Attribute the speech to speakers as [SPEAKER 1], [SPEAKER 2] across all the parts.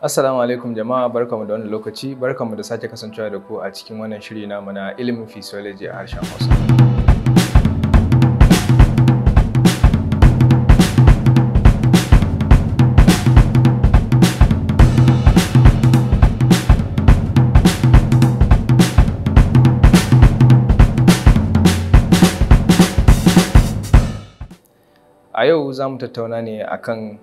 [SPEAKER 1] Assalamu alaikum jama'a barkamu da wannan lokaci barkamu da sake kasancewa da ku a cikin wannan shiri namu na ilimin physiology a harshen Hausa. A yau za mu tattauna ne akan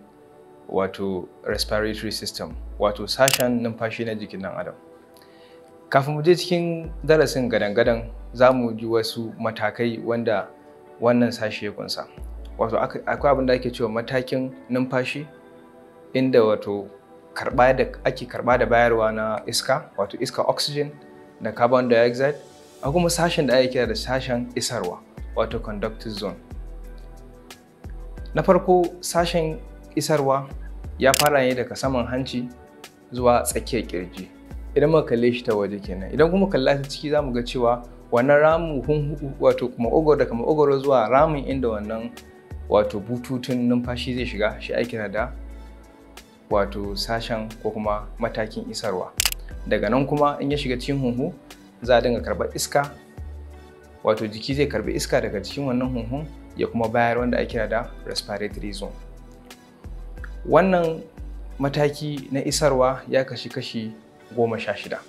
[SPEAKER 1] wato respiratory system wato sashen numfashi na jikin ɗan adam kafin mu je cikin darasin gadan-gadan za mu ji wasu matakai wanda wannan sashe ya kunsa wato akwai abin da ake cewa matakin numfashi inda wato karba ake karba da bayarwa na iska wato iska oxygen da carbon dioxide a kuma sashen da ake kira da sashen isarwa wato conductive zone na farko sashen isarwa ya fara ne daga saman hanci zuwa tsakiyar kirji idan muka kalle shi ta waje kenan idan kuma kalla ta ciki zamu ga cewa wannan ramu hun wato kuma ogoro da zuwa ramin inda wannan wato bututun numfashi zai shiga shi aiki da wato sashen ko kuma matakin isarwa daga nan kuma in ya shiga cikin hunhu za a dinga karɓar iska wato jiki zai karɓi iska daga cikin wannan hunhun ya kuma bayar wanda ake kira da respiratory zone wannan mataki na isarwa ya kashi kashi goma sha shida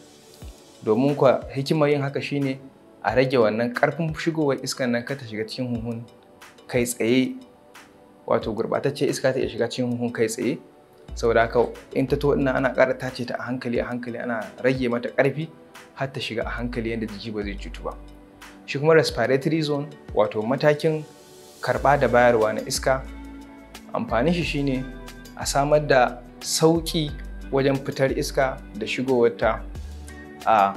[SPEAKER 1] domin kwa hikimar yin haka shine a rage wannan karfin shigowar iskan nan ta shiga cikin huhun kai tsaye wato gurɓataccen iska ta iya shiga cikin huhun kai tsaye saboda haka in ta to ina ana ƙara tace ta a hankali a hankali ana rage mata karfi har ta shiga a hankali yadda jiki ba zai cutu ba shi kuma respiratory zone wato matakin karɓa da bayarwa na iska amfanin shi shine a samar da sauƙi wajen fitar iska da shigowarta a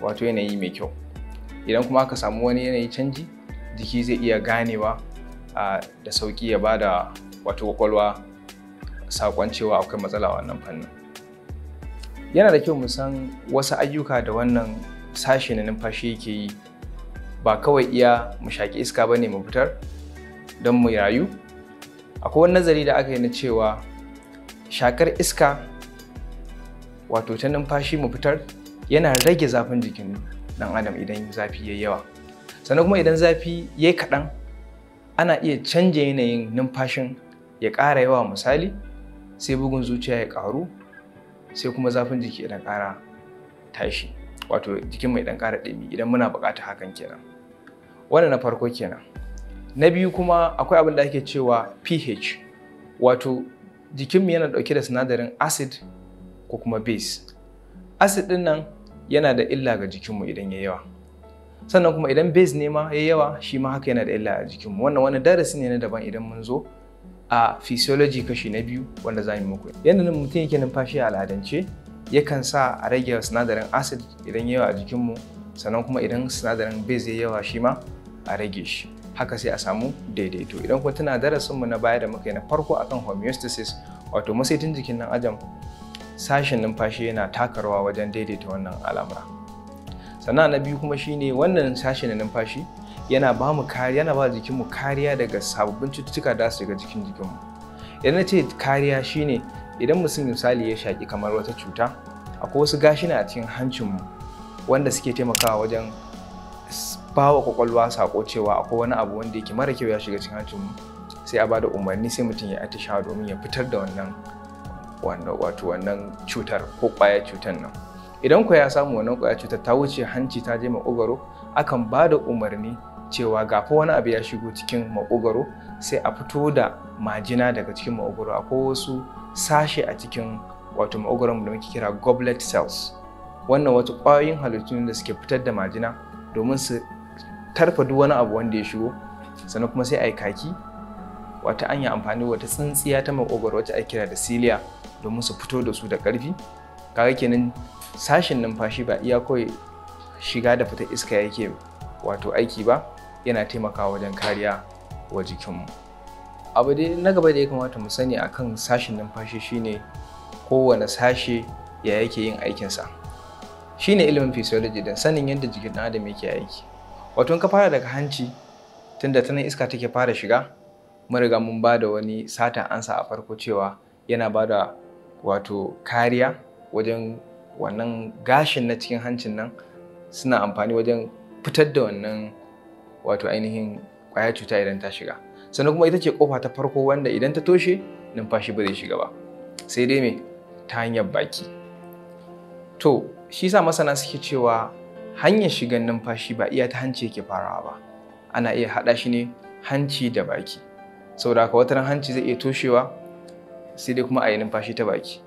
[SPEAKER 1] wato yanayi mai kyau idan kuma aka samu wani yanayi canji jiki zai iya ganewa da sauƙi ya ba da wato kwakwalwa saƙon cewa akwai matsala wannan fannin yana da kyau mu san wasu ayyuka da wannan sashe na numfashi yake yi ba kawai iya mu shaki iska ba ne mu fitar don mu rayu akwai wani nazari da aka yi na cewa shakar iska wato ta numfashi mu fitar yana rage zafin jikin dan adam idan zafi yayi yawa sannan kuma idan zafi ya yi kaɗan ana iya canja yanayin numfashin ya ƙara yawa misali sai bugun zuciya ya ƙaru sai kuma zafin jiki idan ƙara tashi wato jikin mai dan ƙara ɗumi idan muna buƙatar hakan kenan wannan na farko kenan na biyu kuma akwai abin da ake cewa ph wato jikinmu yana ɗauke da sinadarin acid ko kuma base acid ɗin nan yana da illa ga jikinmu idan ya yawa sannan kuma idan base ne ma ya yawa shi ma haka yana da illa a jikinmu wannan wani darasi ne na daban idan mun zo a physiology kashi na biyu wanda za mu muku yanayin mutum yake numfashi a al'adance yakan sa a rage sinadarin acid idan ya yawa a jikinmu sannan kuma idan sinadarin base ya yawa shi ma a rage shi haka sai a samu daidaito idan kuma tana mu na baya da muka yi na farko akan homeostasis wato masaitin jikin nan ajam sashen numfashi yana taka rawa wajen daidaita wannan al'amura sannan na biyu kuma shine wannan sashen na numfashi yana ba mu yana ba jikinmu kariya daga sabbin cututtuka da su shiga jikin jikinmu idan na ce kariya shine idan mutum misali ya shaki kamar wata cuta akwai wasu gashina a cikin hancinmu wanda suke taimakawa wajen ba wa kwakwalwa sako cewa akwai wani abu wanda yake mara kyau ya shiga cikin hancin sai a bada umarni sai mutum ya atishawa domin ya fitar da wannan wato wannan cutar ko kwaya cutar nan idan ku ya samu wannan kwaya cutar ta wuce hanci ta je makogaro akan ba da umarni cewa ga fa wani abu ya shigo cikin makogaro sai a fito da majina daga cikin makogaro akwai wasu sashe a cikin wato makogaron da muke kira goblet cells wannan wata kwayoyin halittu da suke fitar da majina domin su tarfa duk wani abu wanda ya shigo sannan kuma sai a yi kaki wata anya amfani wata tsintsiya ta makogwaro wacce ake kira da cilia domin su fito da su da ƙarfi kaga kenan sashin numfashi ba iya kawai shiga da fita iska yake wato aiki ba yana taimakawa wajen kariya wa jikinmu abu dai na gaba da ya kamata mu sani akan sashin numfashi shine kowane sashe ya yake yin aikinsa shine ilimin physiology don sanin yadda jikin ɗan adam yake aiki wato ka fara daga hanci tunda ta nan iska take fara shiga mun riga mun ba da wani satan ansa a farko cewa yana ba da wato kariya wajen wannan gashin na cikin hancin nan suna amfani wajen fitar da wannan wato ainihin kwaya cuta idan ta shiga sannan kuma ita ce kofa ta farko wanda idan ta toshe numfashi ba zai shiga ba sai dai me ta hanyar baki to shi sa masana suke cewa hanyar shigan numfashi ba iya ta hanci yake farawa ba ana iya haɗa shi ne hanci da baki saboda haka wataran hanci zai iya toshewa sai dai kuma a yi numfashi ta baki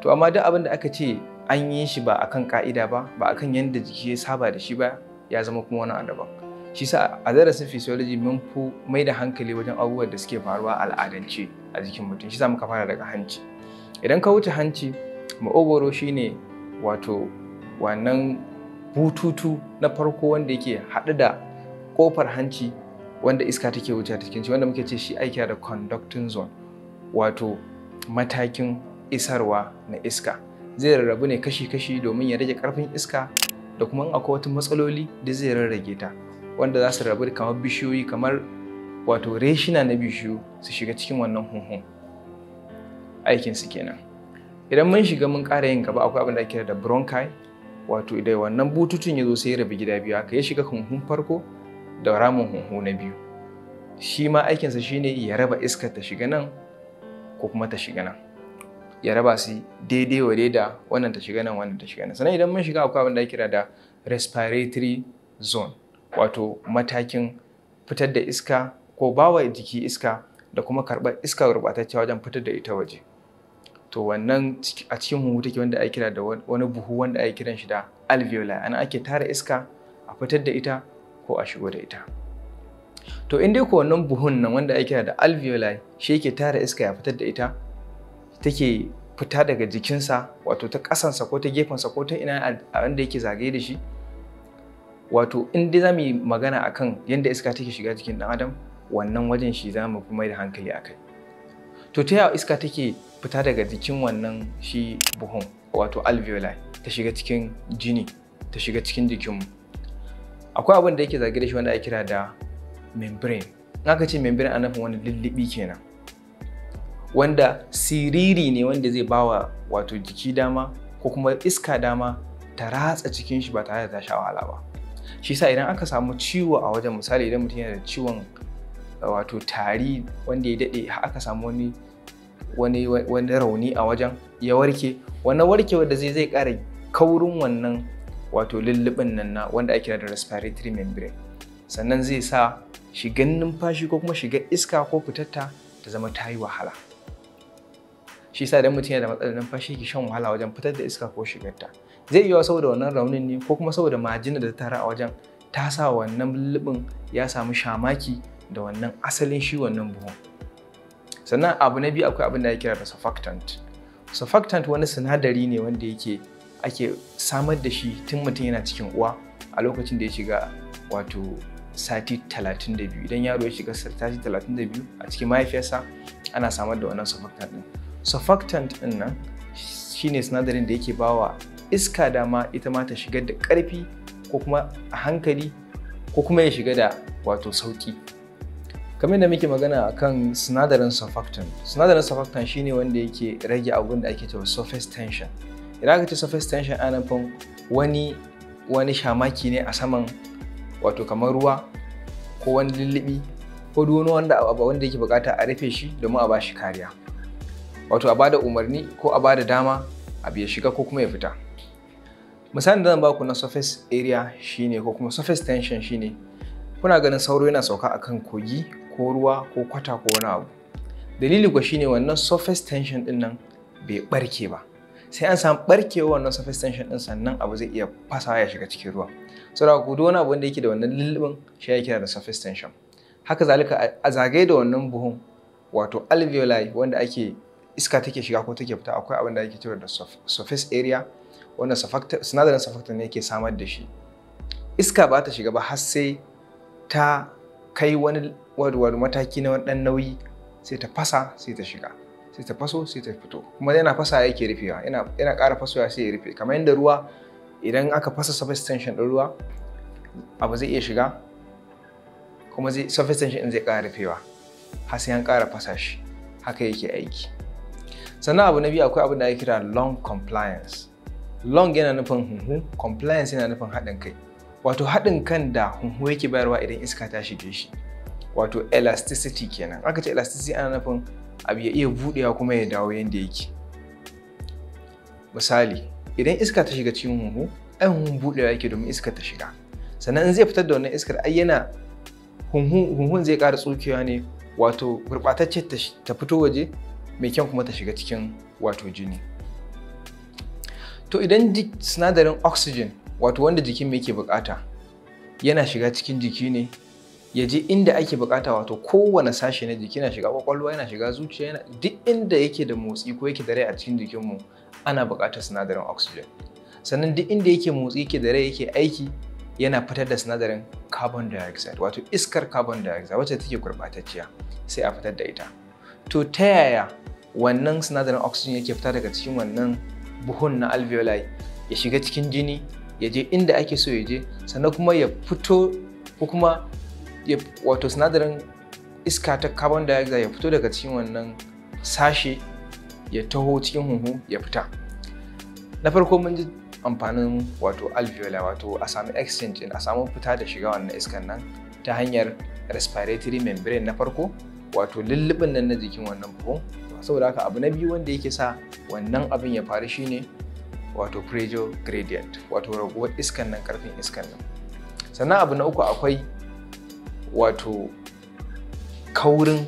[SPEAKER 1] to amma duk abin da aka ce an yi shi ba akan ka'ida ba ba kan yadda jiki ya saba da shi ba ya zama kuma wani daban shi sa a darasin physiology mun fi mai da hankali wajen abubuwan da suke faruwa al'adance a jikin mutum shi sa muka fara daga hanci idan ka wuce hanci shi shine wato wannan bututu na farko wanda yake haɗu da kofar hanci wanda iska take wuce ta cikin shi wanda muke ce shi aiki da conducting zone wato matakin isarwa na iska zai rarrabu ne kashi-kashi domin ya rage karfin iska da kuma akwai wata matsaloli da zai rarrage ta wanda za su rabu kamar bishiyoyi kamar wato reshina na bishiyu su shiga cikin wannan hunhun aikinsu kenan idan mun shiga mun ƙara yin gaba akwai abin da ake da bronchi wato idan wannan bututun ya zo sai ya rabu gida biyu aka ya shiga hunhun farko da ramin hunhu na biyu shi ma aikinsa shine ya raba iskar ta shiga nan ko kuma ta shiga nan ya raba su daidai wa da wannan ta shiga nan wannan ta shiga nan sannan idan mun shiga akwai abin da kira da respiratory zone wato matakin fitar da iska ko bawa jiki iska da kuma karɓar iska gurɓatacciya wajen fitar da ita waje to wannan a cikin huhu take wanda ake kira da wani buhu wanda ake kiran shi da alveoli ana ake tara iska a fitar da ita ko a shigo da ita to in dai ko wannan buhun nan wanda ake kira da alveoli shi yake tara iska ya fitar da ita take fita daga jikinsa wato ta kasansa ko ta gefensa ko ta ina wanda yake zagaye da shi wato in dai za mu yi magana akan yadda iska take shiga jikin ɗan adam wannan wajen shi za mu fi mai da hankali akai to ta yawa iska take fita daga jikin wannan shi buhun wato alveoli ta shiga cikin jini ta shiga cikin jikinmu akwai abin da yake zage da shi wanda ake kira da membrane in aka ce membrane ana nufin wani lullubi kenan wanda siriri ne wanda zai bawa wato jiki dama ko kuma iska dama ta ratsa cikin shi ba tare da ta sha wahala ba shi sa idan aka samu ciwo a wajen misali idan mutum yana da ciwon wato tari wanda ya daɗe aka samu wani wani wani rauni a wajen ya warke wannan warkewar da zai zai ƙara kaurin wannan wato lullubin nan na wanda ake da respiratory membrane sannan zai sa shigan numfashi ko kuma shiga iska ko fitatta ta zama ta yi wahala shi sa idan mutum yana da matsalar numfashi ke shan wahala wajen fitar da iska ko ta zai yiwa saboda wannan raunin ne ko kuma saboda majina da ta tara a wajen ta sa wannan lullubin ya samu shamaki da wannan asalin shi wannan buhun sannan abu na biyu akwai abin da ake kira da surfactant surfactant wani sinadari ne wanda yake ake samar da shi tun mutum yana cikin uwa a lokacin da ya shiga wato sati 32 idan yaro ya shiga sati 32 a cikin mahaifiyarsa ana samar da wannan surfactant din surfactant din nan shine sinadarin da yake bawa iska dama ita ma ta shigar da ƙarfi ko kuma a hankali ko kuma ya shiga da wato sauki kamar da muke magana akan sinadarin surfactant sinadarin surfactant shine wanda yake rage abun da ake cewa surface tension idan aka ce surface tension ana nufin wani wani shamaki ne a saman wato kamar ruwa ko wani lullubi ko duk wanda abu wanda yake bukata a rufe shi domin a bashi kariya wato a bada umarni ko a bada dama a biya shiga ko kuma ya fita misalin da zan baku na surface area shine ko kuma surface tension shine kuna ganin sauro yana sauka akan kogi ko ruwa ko kwata ko wani abu dalili kuwa shine wannan surface tension din nan bai barke ba sai an samu barkewa wannan surface tension din sannan abu zai iya fasawa ya shiga cikin ruwa saboda ku duk wani abu wanda yake da wannan lullubin shi ya da surface tension haka zalika a zagaye da wannan buhun wato alveoli wanda ake iska take shiga ko take fita akwai abin da ake cewa da surface area sinadarin surfactant ne yake samar da shi iska ba ta shiga ba har sai ta kai wani wani mataki na ɗan nauyi sai ta fasa sai ta shiga sai ta faso sai ta fito kuma yana fasa yake rufewa yana ƙara fasowa sai ya rufe kamar yadda ruwa idan aka fasa surface tension ɗin ruwa abu zai iya shiga kuma zai surface tension zai ƙara rufewa har sai an ƙara fasa shi haka yake aiki sannan abu na biyu akwai abu da ake kira long compliance long yana nufin hunhu compliance yana nufin haɗin kai wato haɗin kan da hunhu yake bayarwa idan iska ta shige shi wato elasticity kenan aka ce elasticity ana nufin abu ya iya budewa kuma ya dawo yadda yake misali idan iska ta shiga cikin huhu ai huhu budewa yake domin iska ta shiga sannan in zai fitar da wannan iskar ai yana huhun zai ƙara tsukewa ne wato gurɓatacce ta fito waje mai kyan kuma ta shiga cikin wato jini to idan sinadarin oxygen wato wanda jikin mai ke bukata yana shiga cikin jiki ne ya je inda ake bukata wato kowane sashe na jiki na shiga kwakwalwa yana shiga zuciya yana duk inda yake da motsi ko yake da rai a cikin jikinmu ana bukatar sinadarin oxygen sannan duk inda yake motsi yake da rai yake aiki yana fitar da sinadarin carbon dioxide wato iskar carbon dioxide wacce take gurbatacciya sai a fitar da ita to ta yaya wannan sinadarin oxygen yake fita daga cikin wannan buhun na alveoli ya shiga cikin jini ya je inda ake so ya je sannan kuma ya fito ko kuma wato sinadarin iska ta carbon dioxide ya fito daga cikin wannan sashe ya taho cikin huhu ya fita na farko mun ji amfanin wato alveolar wato a samu exchange a samu fita da shiga wannan iskan nan ta hanyar respiratory membrane na farko wato lullubin nan na jikin wannan buhun saboda haka abu na biyu wanda yake sa wannan abin ya faru shine wato pressure gradient wato raguwar iskan nan karfin iskan nan sannan abu na uku akwai wato kaurin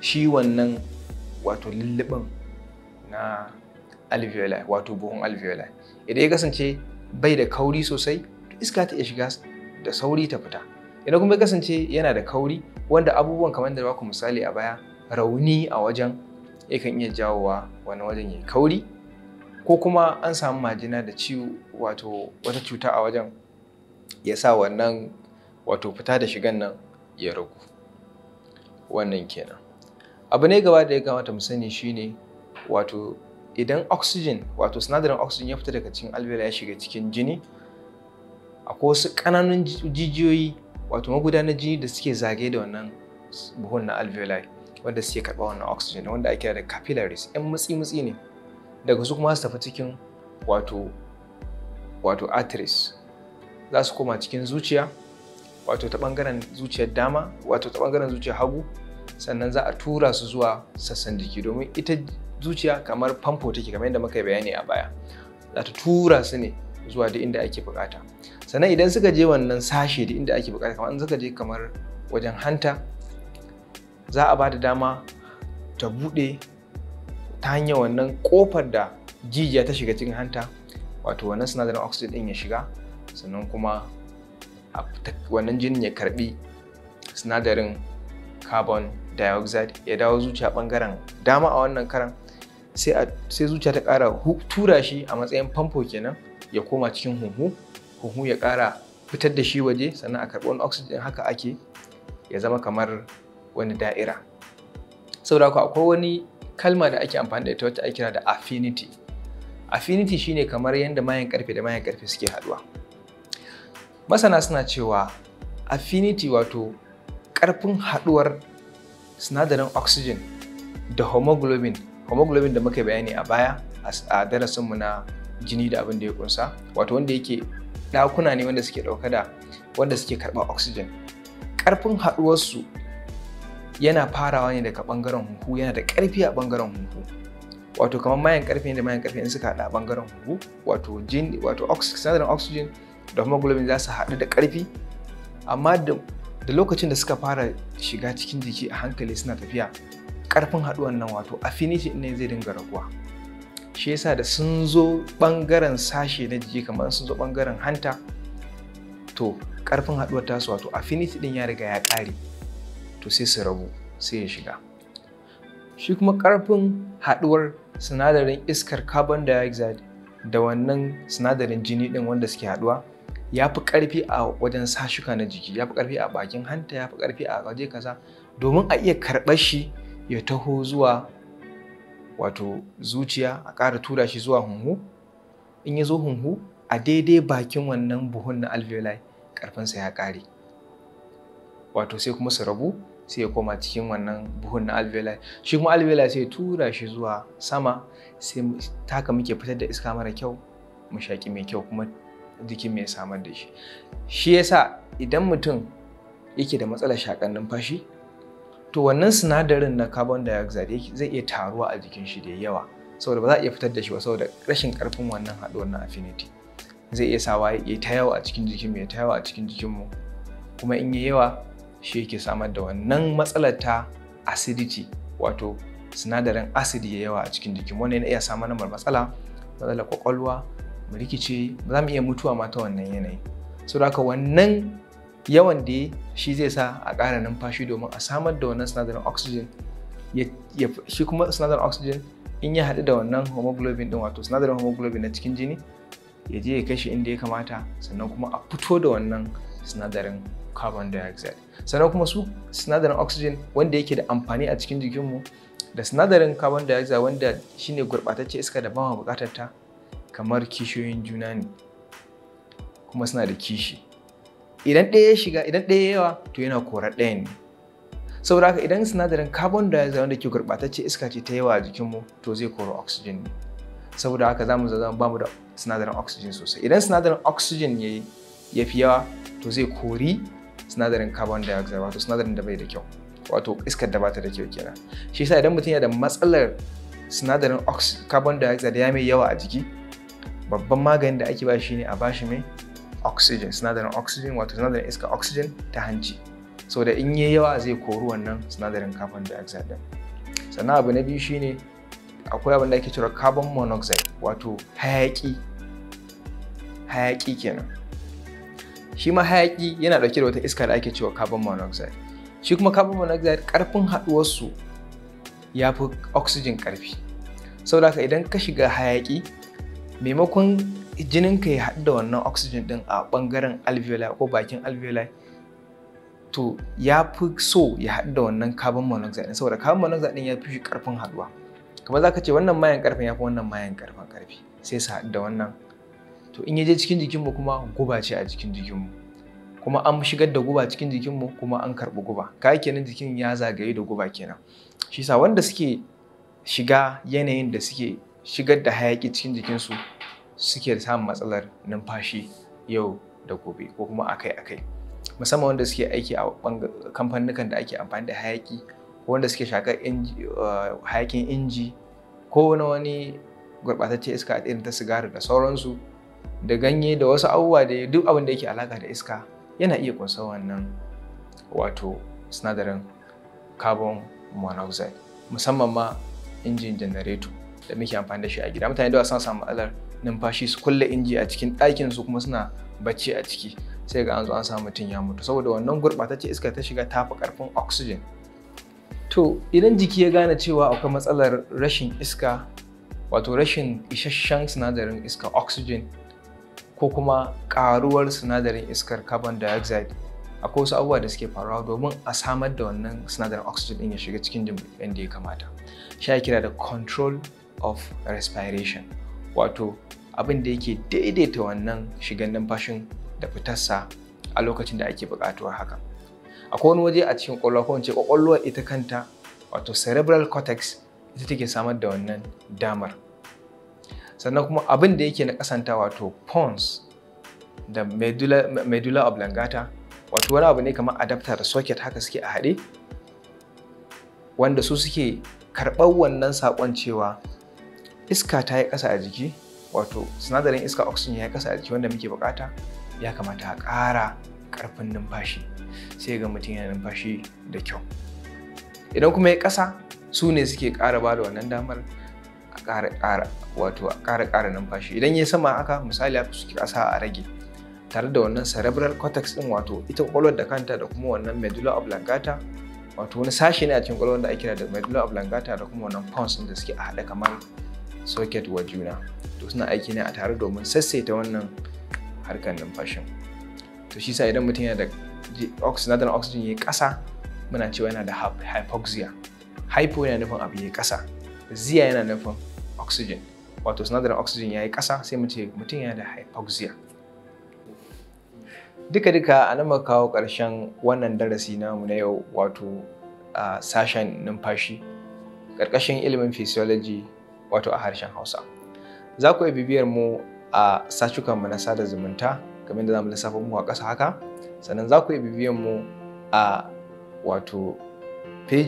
[SPEAKER 1] shi wannan wato lullubin na alveoli wato buhun alveoli idan ya kasance bai da kauri sosai iska ta iya shiga da sauri ta fita idan kuma ya kasance yana da kauri wanda abubuwan kamar da baku misali a baya rauni a wajen yakan iya jawowa wani wajen ya kauri ko kuma an samu majina da ciwo wato wata cuta a wajen ya sa wannan wato fita da shigan nan ya ragu wannan kenan abu ne gaba da ya kamata mu sani shine wato idan oxygen wato sinadarin oxygen ya fita daga cikin alveolar ya shiga cikin jini akwai wasu kananan jijiyoyi wato magudanar jini da suke zage da wannan buhun na alveoli wanda suke karɓa wannan oxygen wanda ake da capillaries yan mutsi-mutsi ne daga su kuma su tafi cikin wato wato arteries za su koma cikin zuciya wato ta bangaren zuciyar dama wato ta bangaren zuciyar hagu sannan za a tura su zuwa sassan jiki domin ita zuciya kamar famfo take kamar yadda muka yi bayani a baya za ta tura su ne zuwa da inda ake bukata sannan idan suka je wannan sashe da inda ake bukata kamar suka je kamar wajen hanta za a ba da dama ta buɗe ta hanyar wannan kofar da jijiya ta shiga cikin hanta wato wannan sinadarin oxygen din ya shiga sannan kuma wannan jinin ya karbi sinadarin carbon dioxide ya dawo zuciya bangaren dama a wannan karan sai zuciya ta kara tura shi a matsayin famfo kenan ya koma cikin huhu huhu ya kara fitar da shi waje sannan a karbi wani oxygen haka ake ya zama kamar wani da'ira saboda akwai wani kalma da ake amfani da ita wacce ake kira da affinity affinity shine kamar yadda mayan karfe da mayan karfe suke haduwa masana suna cewa affinity wato ƙarfin haɗuwar sinadarin oxygen da homoglobin homoglobin da muka bayani a baya a darasinmu na jini da abin da ya kunsa wato wanda yake ɗakuna ne wanda suke ɗauka da wanda suke karba oxygen ƙarfin haɗuwarsu yana farawa ne daga ɓangaren huhu yana da ƙarfi a ɓangaren huhu wato kamar mayan ƙarfi da mayan ƙarfi in suka haɗa a ɓangaren huhu wato jini wato sinadarin oxygen da hemoglobin za su haɗu da ƙarfi amma da lokacin da suka fara shiga cikin jiki a hankali suna tafiya ƙarfin haɗuwan nan wato affinity ne zai dinga raguwa shi yasa da sun zo ɓangaren sashe na jiki kamar sun zo ɓangaren hanta to ƙarfin haɗuwar tasu wato affinity ɗin ya riga ya ƙare to sai su rabu sai ya shiga shi kuma ƙarfin haɗuwar sinadarin iskar carbon dioxide da wannan sinadarin jini ɗin wanda suke haɗuwa ya fi ƙarfi a wajen sashuka na jiki ya fi ƙarfi a bakin hanta ya fi ƙarfi a waje kaza domin a iya karɓar shi ya taho zuwa wato zuciya a ƙara tura shi zuwa hunhu in ya zo hunhu a daidai bakin wannan buhun na alveoli ƙarfinsa ya ƙare wato sai kuma su rabu sai ya koma cikin wannan buhun na alveoli shi kuma alveoli sai tura shi zuwa sama sai taka muke fitar da iska mara kyau mu shaƙi mai kyau kuma jikin mai samar da shi shi yasa idan mutum yake da matsalar shakan numfashi to wannan sinadarin na carbon dioxide zai iya taruwa a jikin shi da yawa saboda ba za a iya fitar da shi ba saboda rashin karfin wannan haɗuwar na affinity zai iya sawa ya ta yawa a cikin jikin ya ta yawa a cikin jikin kuma in yi yawa shi yake samar da wannan matsalar ta acidity wato sinadarin acid ya yawa a cikin jikin wannan yana iya samar da matsala matsalar kwakwalwa mu rikice za mu iya mutuwa ma ta wannan yanayi saboda haka wannan yawan da shi zai sa a ƙara numfashi domin a samar da wannan sinadarin oxygen shi kuma sinadarin oxygen in ya haɗu da wannan homoglobin din wato sinadarin homoglobin na cikin jini ya je ya kashe inda ya kamata sannan kuma a fito da wannan sinadarin carbon dioxide sannan kuma su sinadarin oxygen wanda yake da amfani a cikin jikinmu da sinadarin carbon dioxide wanda shine gurɓatacce iska da ba mu buƙatar ta kamar kishiyoyin juna ne kuma suna da kishi idan ɗaya ya shiga idan ɗaya yawa to yana korar ɗaya ne saboda haka idan sinadarin carbon dioxide wanda ke gurɓatacce iska ce ta yawa a jikinmu to zai kori oxygen ne saboda haka za mu zama mu da sinadarin oxygen sosai idan sinadarin oxygen ya ya fi yawa to zai kori sinadarin carbon dioxide wato sinadarin da bai da kyau wato iskar da ba ta da kyau kenan shi yasa idan mutum yana da matsalar sinadarin carbon dioxide ya mai yawa a jiki babban maganin da ake ba shi ne a bashi mai oxygen sinadarin oxygen wato sinadarin iska oxygen ta hanci so da in yi yawa zai kori wannan sinadarin carbon dioxide din sannan abu na biyu shine akwai abin da ake cewa carbon monoxide wato hayaki hayaki kenan shi ma hayaki yana dauke da wata iska da ake cewa carbon monoxide shi kuma carbon monoxide karfin haduwarsu ya fi oxygen karfi saboda haka idan ka shiga hayaki maimakon jininka ya haɗu da wannan oxygen ɗin a ɓangaren alveoli ko bakin alveoli to ya fi so ya haɗu da wannan carbon monoxide ɗin saboda carbon monoxide ɗin ya fi shi ƙarfin haɗuwa kamar za ka ce wannan mayan ƙarfin ya fi wannan mayan ƙarfin ƙarfi sai su haɗu da wannan to in ya je cikin jikinmu kuma guba ce a jikin jikinmu kuma an shigar da guba cikin jikinmu kuma an karɓi guba kai kenan jikin ya zagaye da guba kenan shi sa wanda suke shiga yanayin da suke shigar da hayaki cikin jikinsu suke da samun matsalar numfashi yau da gobe ko kuma akai-akai musamman wanda suke aiki a kamfanukan da ake amfani da hayaki ko wanda suke shakar uh, hayakin inji ko na wani gurɓataccen iska irin ta sigari da sauransu da ganye da wasu abubuwa da duk abin da yake alaka da iska yana iya kunsa wannan wato sinadarin carbon monoxide musamman ma injin janareto da muke amfani da shi a gida mutane da suna samu alar numfashi su kulle inji a cikin ɗakin su kuma suna bacci a ciki sai ga an zo an samu mutum ya mutu saboda wannan gurɓatacce iska ta shiga tafi karfin oxygen to idan jiki ya gane cewa akwai matsalar rashin iska wato rashin isasshen sinadarin iska oxygen ko kuma karuwar sinadarin iskar carbon dioxide akwai wasu abubuwa da suke faruwa domin a samar da wannan sinadarin oxygen din ya shiga cikin jin da ya kamata ake kira da control of respiration wato abin da yake daidaita wannan shigan numfashin da fitarsa a lokacin da ake buƙatuwar haka akwai wani waje a cikin ƙwaƙwalwa ko wance ƙwaƙwalwa ita kanta wato cerebral cortex ita take samar da wannan damar sannan kuma abin da yake na kasanta wato pons da medulla, medulla oblongata wato wani abu ne kamar adapter da socket haka suke a haɗe wanda su suke karɓar wannan sakon cewa iska ta yi ƙasa a jiki wato sinadarin iska oxygen ya yi ƙasa a jiki wanda muke buƙata ya kamata a ƙara ƙarfin numfashi sai ga mutum yana numfashi da kyau idan kuma ya ƙasa su ne suke ƙara ba da wannan damar a ƙara wato a ƙara ƙara numfashi idan ya sama aka misali haka suke ƙasa a rage tare da wannan cerebral cortex ɗin wato ita kwakwalwar da kanta da kuma wannan medulla oblongata wato wani sashi ne a cikin kwakwalwar da ake kira da medulla oblongata da kuma wannan pons da suke a haɗe kamar socket wa juna to suna aiki ne a tare domin sassaita wannan harkar numfashin to shi sa idan mutum yana da sinadarin oxygen ya kasa muna cewa yana da hypoxia hypo yana nufin abu ya kasa ziya yana nufin oxygen wato sinadarin oxygen ya yi kasa sai mu ce mutum yana da hypoxia duka-duka a nan kawo karshen wannan darasi namu na yau wato sashen numfashi ƙarƙashin ilimin physiology wato a harshen Hausa. Za ku iya bibiyar mu a mu na sada zumunta kamar da za mu lissafa muku a ƙasa haka sannan za ku iya bibiyar mu a wato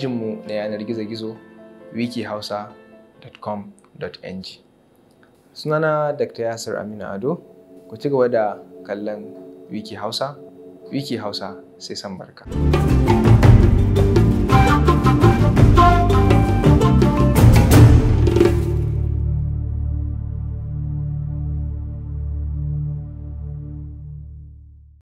[SPEAKER 1] mu na yanar gizo-gizo wikihausa.com.ng sunana dr yasir aminu ado ku ci gaba da kallon wiki hausa wiki hausa sai san barka.